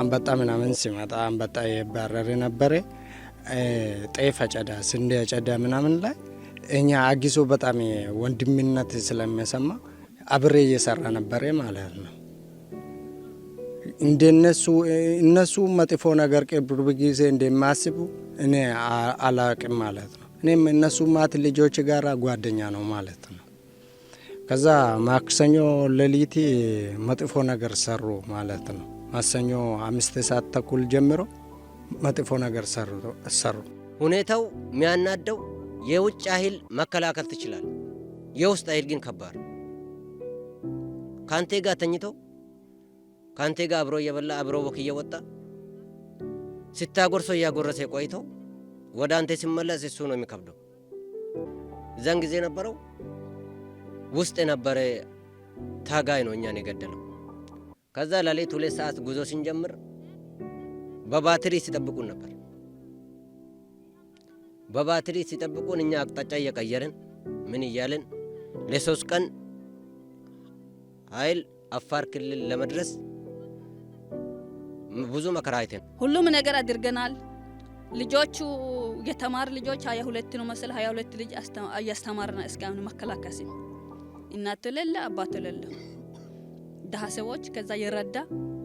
አንበጣ ምናምን ሲመጣ አንበጣ ይባረር ነበረ። ጤፍ አጨዳ፣ ስንዴ አጨዳ ምናምን ላይ እኛ አጊሶ በጣም ወንድምነት ስለሚሰማ አብሬ እየሰራ ነበረ ማለት ነው። እንደነሱ እነሱ መጥፎ ነገር ቅርብ ጊዜ እንደማስቡ እኔ አላቅም ማለት ነው። እኔም እነሱ ማት ልጆች ጋር ጓደኛ ነው ማለት ነው። ከዛ ማክሰኞ ሌሊት መጥፎ ነገር ሰሩ ማለት ነው። ማሰኞ አምስት ሰዓት ተኩል ጀምሮ መጥፎ ነገር ሰሩ። ሁኔታው የሚያናደው የውጭ ኃይል መከላከል ትችላል፣ የውስጥ ኃይል ግን ከባድ። ከአንቴ ጋር ተኝቶ ከአንቴ ጋር አብሮ እየበላ አብሮ ቦክ እየወጣ ሲታጎርሶ እያጎረሰ ቆይቶ ወደ አንቴ ሲመለስ እሱ ነው የሚከብደው። እዛን ጊዜ ነበረው ውስጥ የነበረ ታጋይ ነው እኛን የገደለው። ከዛ ለሌት ሁለት ሰዓት ጉዞ ስንጀምር በባትሪ ሲጠብቁን ነበር። በባትሪ ሲጠብቁን እኛ አቅጣጫ እየቀየርን ምን እያልን ለሶስት ቀን ኃይል አፋር ክልል ለመድረስ ብዙ መከራ አይተን ሁሉም ነገር አድርገናል። ልጆቹ የተማር ልጆች ሀያ ሁለት ነው መሰል ሀያ ሁለት ልጅ እያስተማርና እስካሁን መከላከያ እናት የሌለ አባት የሌለ ድሀ ሰዎች ከዛ የረዳ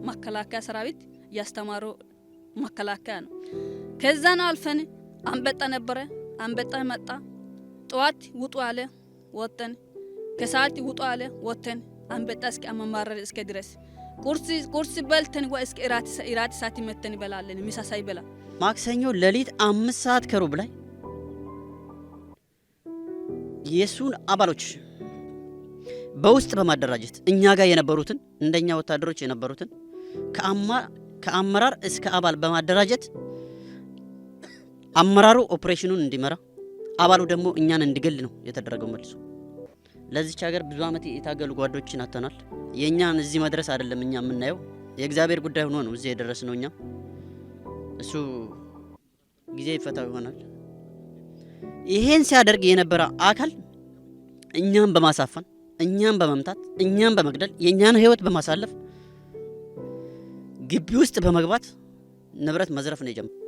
መከላከያ ሰራዊት ያስተማሩ መከላከያ ነው። ከዛ ነው አልፈን አንበጣ ነበረ። አንበጣ መጣ። ጠዋት ውጡ አለ፣ ወጠን። ከሰዓት ውጡ አለ፣ ወተን። አንበጣ እስኪ አመማረር እስከ ድረስ ቁርስ ቁርስ በልተን ወይ እስከ እራት እራት ሰዓት መተን ይበላለን። ምሳ ሳይበላ ማክሰኞ ሌሊት አምስት ሰዓት ከሩብ ላይ የሱን አባሎች በውስጥ በማደራጀት እኛ ጋር የነበሩትን እንደኛ ወታደሮች የነበሩትን ከአመራር እስከ አባል በማደራጀት አመራሩ ኦፕሬሽኑን እንዲመራ አባሉ ደግሞ እኛን እንዲገል ነው የተደረገው። መልሶ ለዚች ሀገር ብዙ ዓመት የታገሉ ጓዶችን አተናል። የእኛን እዚህ መድረስ አይደለም እኛ የምናየው የእግዚአብሔር ጉዳይ ሆኖ ነው እዚህ ነው። እኛ እሱ ጊዜ ይፈታው ይሆናል። ይሄን ሲያደርግ የነበረ አካል እኛም በማሳፈን እኛን በመምታት እኛን በመግደል የእኛን ህይወት በማሳለፍ ግቢ ውስጥ በመግባት ንብረት መዝረፍ ነው የጀመረው።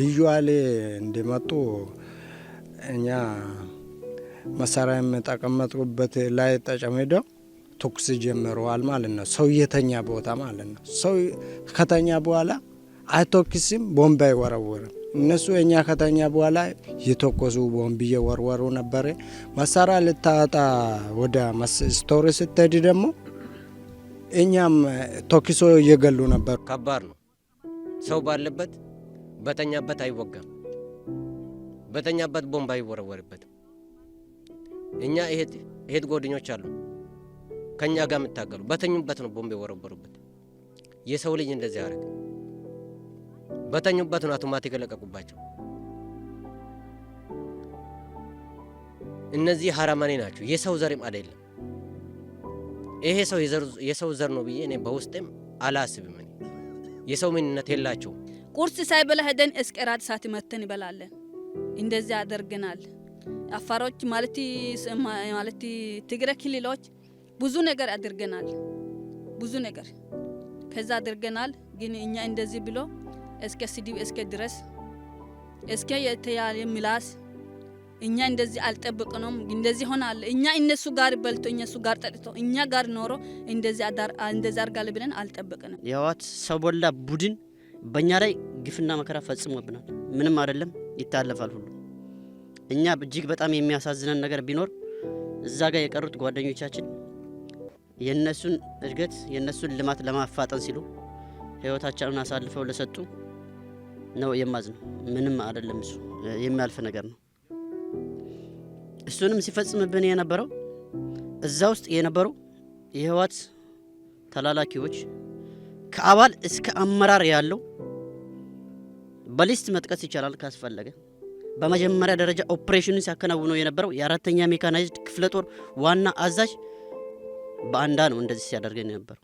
ልዩ አሌ እንደመጡ እኛ መሳሪያ የምጠቀመጥኩበት ላይ ተጨምደው ተኩስ ጀምረዋል ማለት ነው። ሰው የተኛ ቦታ ማለት ነው። ሰው ከተኛ በኋላ አይቶክስም፣ ቦምብ አይወረወርም። እነሱ እኛ ከተኛ በኋላ የተኮሱ ቦምብ እየወርወሩ ነበረ። መሳሪያ ልታጣ ወደ ስቶር ስትሄድ ደግሞ እኛም ተኩሶ እየገሉ ነበር። ከባድ ነው። ሰው ባለበት በተኛበት አይወጋም። በተኛበት ቦምብ አይወረወርበትም። እኛ እህት ጓደኞች አሉ ከእኛ ጋር የምታገሉ በተኙበት ነው ቦምብ የወረወሩበት። የሰው ልጅ እንደዚህ አረግ በተኙበት ነው አውቶማቲክ የለቀቁባቸው። እነዚህ ሀራማኔ ናቸው። የሰው ዘርም አይደለም። ይሄ ሰው የሰው ዘር ነው ብዬ እኔ በውስጤም አላስብም። እኔ የሰው ምንነት የላቸው። ቁርስ ሳይበላ ሄደን እስከ ራት ሰዓት መተን ይበላለን። እንደዚህ አደርገናል። አፋሮች ማለት ማለት ትግረ ክልሎች ብዙ ነገር አድርገናል። ብዙ ነገር ከዛ አድርገናል። ግን እኛ እንደዚህ ብሎ እስከ ስድብ እስከ ድረስ እስከ የተያለ ምላስ እኛ እንደዚህ አልጠብቅነውም። እንደዚህ ሆናል። እኛ እነሱ ጋር በልቶ እነሱ ጋር ጠጥቶ እኛ ጋር ኖሮ እንደዚህ አድርጋለ ብለን አልጠብቅንም። የህወሓት ሰው በላ ቡድን በእኛ ላይ ግፍና መከራ ፈጽሞብናል። ምንም አይደለም፣ ይታለፋል ሁሉ። እኛ እጅግ በጣም የሚያሳዝነን ነገር ቢኖር እዛ ጋር የቀሩት ጓደኞቻችን የእነሱን እድገት የእነሱን ልማት ለማፋጠን ሲሉ ህይወታቸውን አሳልፈው ለሰጡ ነው የማዝነው። ምንም አይደለም፣ እሱ የሚያልፍ ነገር ነው። እሱንም ሲፈጽምብን የነበረው እዛ ውስጥ የነበሩ የህወሓት ተላላኪዎች ከአባል እስከ አመራር ያለው በሊስት መጥቀስ ይቻላል ካስፈለገ። በመጀመሪያ ደረጃ ኦፕሬሽኑን ሲያከናውኑ የነበረው የአራተኛ ሜካናይዝድ ክፍለ ጦር ዋና አዛዥ በአንዳ ነው እንደዚህ ሲያደርገኝ ነበር።